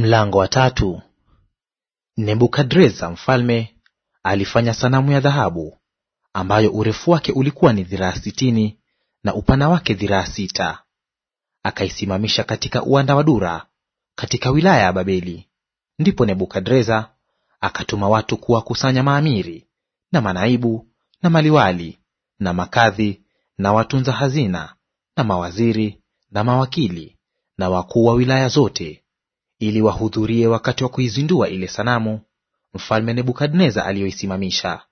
Mlango wa tatu. Nebukadreza mfalme alifanya sanamu ya dhahabu ambayo urefu wake ulikuwa ni dhiraa sitini na upana wake dhiraa sita. Akaisimamisha katika uwanda wa Dura katika wilaya ya Babeli. Ndipo Nebukadreza akatuma watu kuwakusanya maamiri na manaibu na maliwali na makadhi na watunza hazina na mawaziri na mawakili na wakuu wa wilaya zote ili wahudhurie wakati wa kuizindua ile sanamu mfalme Nebukadneza aliyoisimamisha.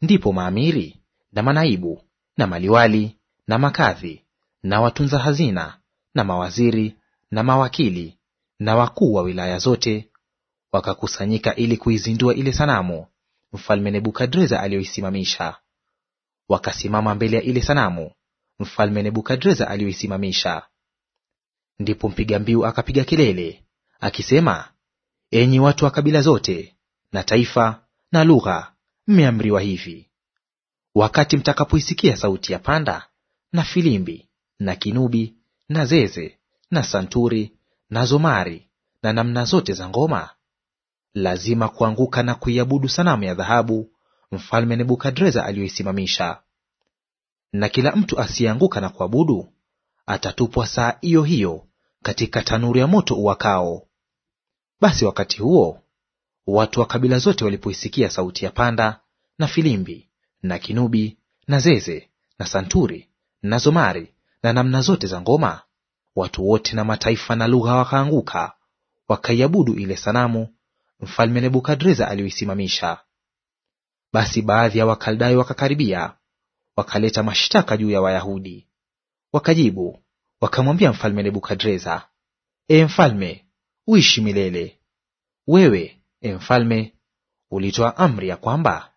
Ndipo maamiri na manaibu na maliwali na makadhi na watunza hazina na mawaziri na mawakili na wakuu wa wilaya zote wakakusanyika ili kuizindua ile sanamu mfalme Nebukadreza aliyoisimamisha. Wakasimama mbele ya ile sanamu mfalme Nebukadreza aliyoisimamisha. Ndipo mpiga mbiu akapiga kelele akisema, enyi watu wa kabila zote na taifa na lugha, mmeamriwa hivi: wakati mtakapoisikia sauti ya panda na filimbi na kinubi na zeze na santuri na zomari na namna zote za ngoma, lazima kuanguka na kuiabudu sanamu ya dhahabu mfalme Nebukadreza aliyoisimamisha. Na kila mtu asiyeanguka na kuabudu atatupwa saa iyo hiyo katika tanuru ya moto uwakao. Basi wakati huo watu wa kabila zote walipoisikia sauti ya panda na filimbi na kinubi na zeze na santuri na zomari na namna zote za ngoma, watu wote na mataifa na lugha wakaanguka, wakaiabudu ile sanamu mfalme Nebukadreza aliyoisimamisha. Basi baadhi ya Wakaldayo wakakaribia, wakaleta mashtaka juu ya Wayahudi. Wakajibu wakamwambia mfalme Nebukadreza, Ee mfalme, uishi milele. Wewe, e mfalme, ulitoa amri ya kwamba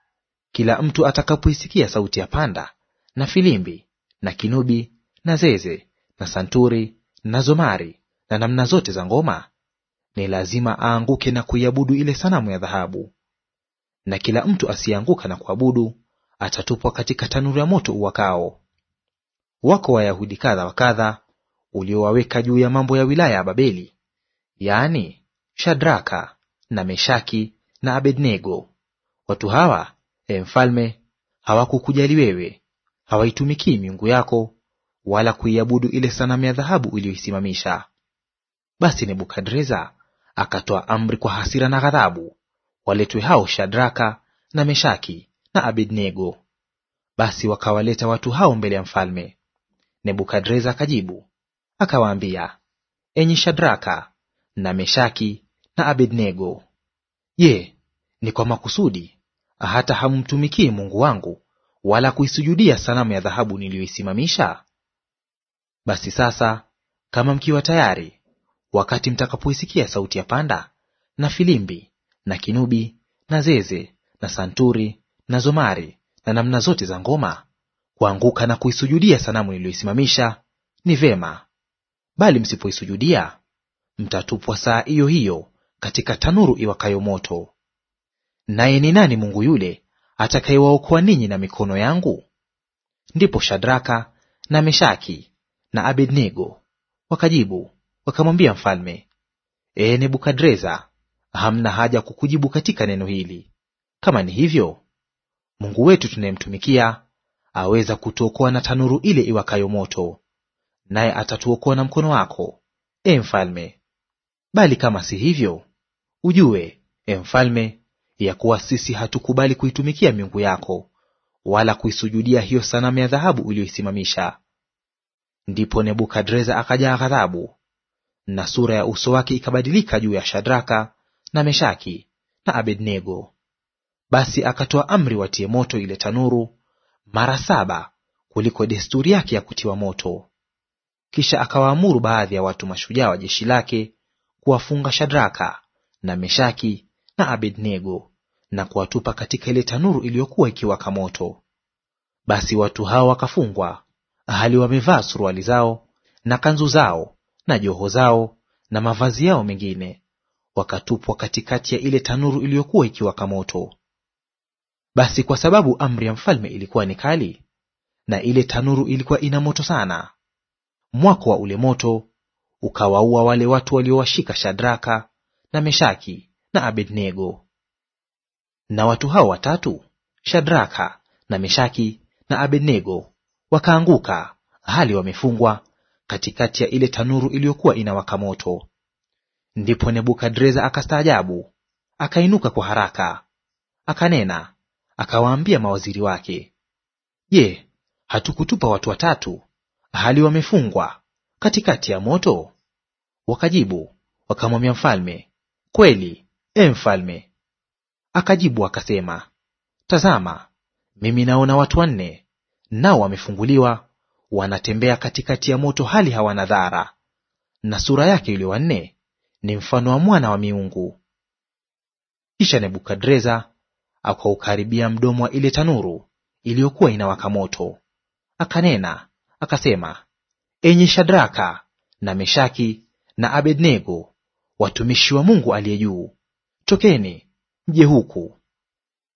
kila mtu atakapoisikia sauti ya panda na filimbi na kinubi na zeze na santuri na zomari na namna zote za ngoma, ni lazima aanguke na kuiabudu ile sanamu ya dhahabu. Na kila mtu asiyeanguka na kuabudu atatupwa katika tanuru ya moto uwakao. Wako Wayahudi kadha wa kadha uliowaweka juu ya mambo ya wilaya ya Babeli yaani Shadraka na Meshaki na Abednego. Watu hawa, e mfalme, hawakukujali wewe, hawaitumikii miungu yako, wala kuiabudu ile sanamu ya dhahabu uliyoisimamisha. Basi Nebukadreza akatoa amri kwa hasira na ghadhabu, waletwe hao Shadraka na Meshaki na Abednego. Basi wakawaleta watu hao mbele ya mfalme. Nebukadreza akajibu akawaambia, enyi Shadraka, na Meshaki na Abednego. Je, ni kwa makusudi hata hamtumikii Mungu wangu wala kuisujudia sanamu ya dhahabu niliyoisimamisha? Basi sasa, kama mkiwa tayari, wakati mtakapoisikia sauti ya panda na filimbi na kinubi na zeze na santuri na zomari na namna zote za ngoma, kuanguka na kuisujudia sanamu niliyoisimamisha ni vema; bali msipoisujudia mtatupwa saa iyo hiyo katika tanuru iwakayo moto. Naye ni nani Mungu yule atakayewaokoa ninyi na mikono yangu? Ndipo Shadraka na Meshaki na Abednego wakajibu wakamwambia mfalme, E Nebukadreza, hamna haja kukujibu katika neno hili. Kama ni hivyo, Mungu wetu tunayemtumikia aweza kutuokoa na tanuru ile iwakayo moto, naye atatuokoa na mkono wako, e mfalme. Bali kama si hivyo, ujue, e mfalme, ya kuwa sisi hatukubali kuitumikia miungu yako, wala kuisujudia hiyo sanamu ya dhahabu uliyoisimamisha. Ndipo Nebukadreza akajaa ghadhabu, na sura ya uso wake ikabadilika juu ya Shadraka na Meshaki na Abednego. Basi akatoa amri watie moto ile tanuru mara saba kuliko desturi yake ya kutiwa moto. Kisha akawaamuru baadhi ya watu mashujaa wa jeshi lake kuwafunga Shadraka na Meshaki na Abednego na kuwatupa katika ile tanuru iliyokuwa ikiwaka moto. Basi watu hao wakafungwa hali wamevaa suruali zao na kanzu zao na joho zao na mavazi yao mengine, wakatupwa katikati ya ile tanuru iliyokuwa ikiwaka moto. Basi kwa sababu amri ya mfalme ilikuwa ni kali, na ile tanuru ilikuwa ina moto sana, mwako wa ule moto ukawaua wale watu waliowashika Shadraka na Meshaki na Abednego. Na watu hao watatu, Shadraka na Meshaki na Abednego, wakaanguka hali wamefungwa katikati ya ile tanuru iliyokuwa inawaka moto. Ndipo Nebukadreza akastaajabu, akainuka kwa haraka, akanena, akawaambia mawaziri wake, Je, hatukutupa watu watatu hali wamefungwa katikati ya moto? Wakajibu wakamwambia mfalme, kweli, e mfalme. Akajibu akasema, tazama, mimi naona watu wanne, nao wamefunguliwa, wanatembea katikati ya moto, hali hawana dhara, na sura yake yule wanne ni mfano wa mwana wa miungu. Kisha Nebukadreza akaukaribia mdomo wa ile tanuru iliyokuwa inawaka moto, akanena akasema, enye Shadraka na Meshaki na Abednego, watumishi wa Mungu aliye juu, tokeni mje huku.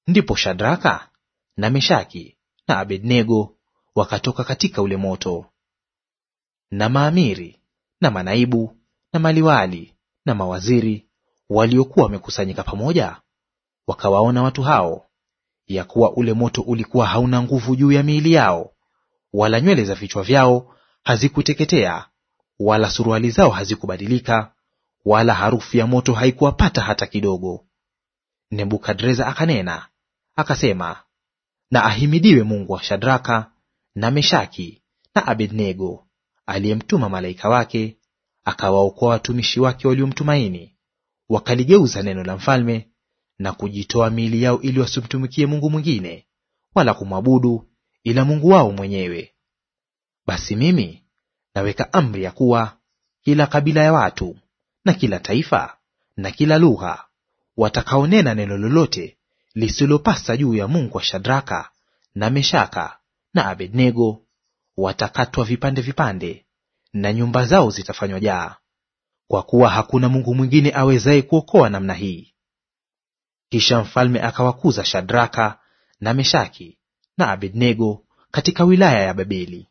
Ndipo Shadraka na Meshaki na Abednego wakatoka katika ule moto. Na maamiri na manaibu na maliwali na mawaziri waliokuwa wamekusanyika pamoja wakawaona watu hao, ya kuwa ule moto ulikuwa hauna nguvu juu ya miili yao wala nywele za vichwa vyao hazikuteketea, wala suruali zao hazikubadilika, wala harufu ya moto haikuwapata hata kidogo. Nebukadreza akanena akasema, na ahimidiwe Mungu wa Shadraka na Meshaki na Abednego, aliyemtuma malaika wake akawaokoa watumishi wake waliomtumaini, wakaligeuza neno la mfalme na kujitoa miili yao ili wasimtumikie Mungu mwingine wala kumwabudu ila Mungu wao mwenyewe. Basi mimi naweka amri ya kuwa kila kabila ya watu na kila taifa na kila lugha watakaonena neno lolote lisilopasa juu ya Mungu wa Shadraka na Meshaka na Abednego watakatwa vipande vipande, na nyumba zao zitafanywa jaa, kwa kuwa hakuna Mungu mwingine awezaye kuokoa namna hii. Kisha mfalme akawakuza Shadraka na Meshaki na Abednego katika wilaya ya Babeli.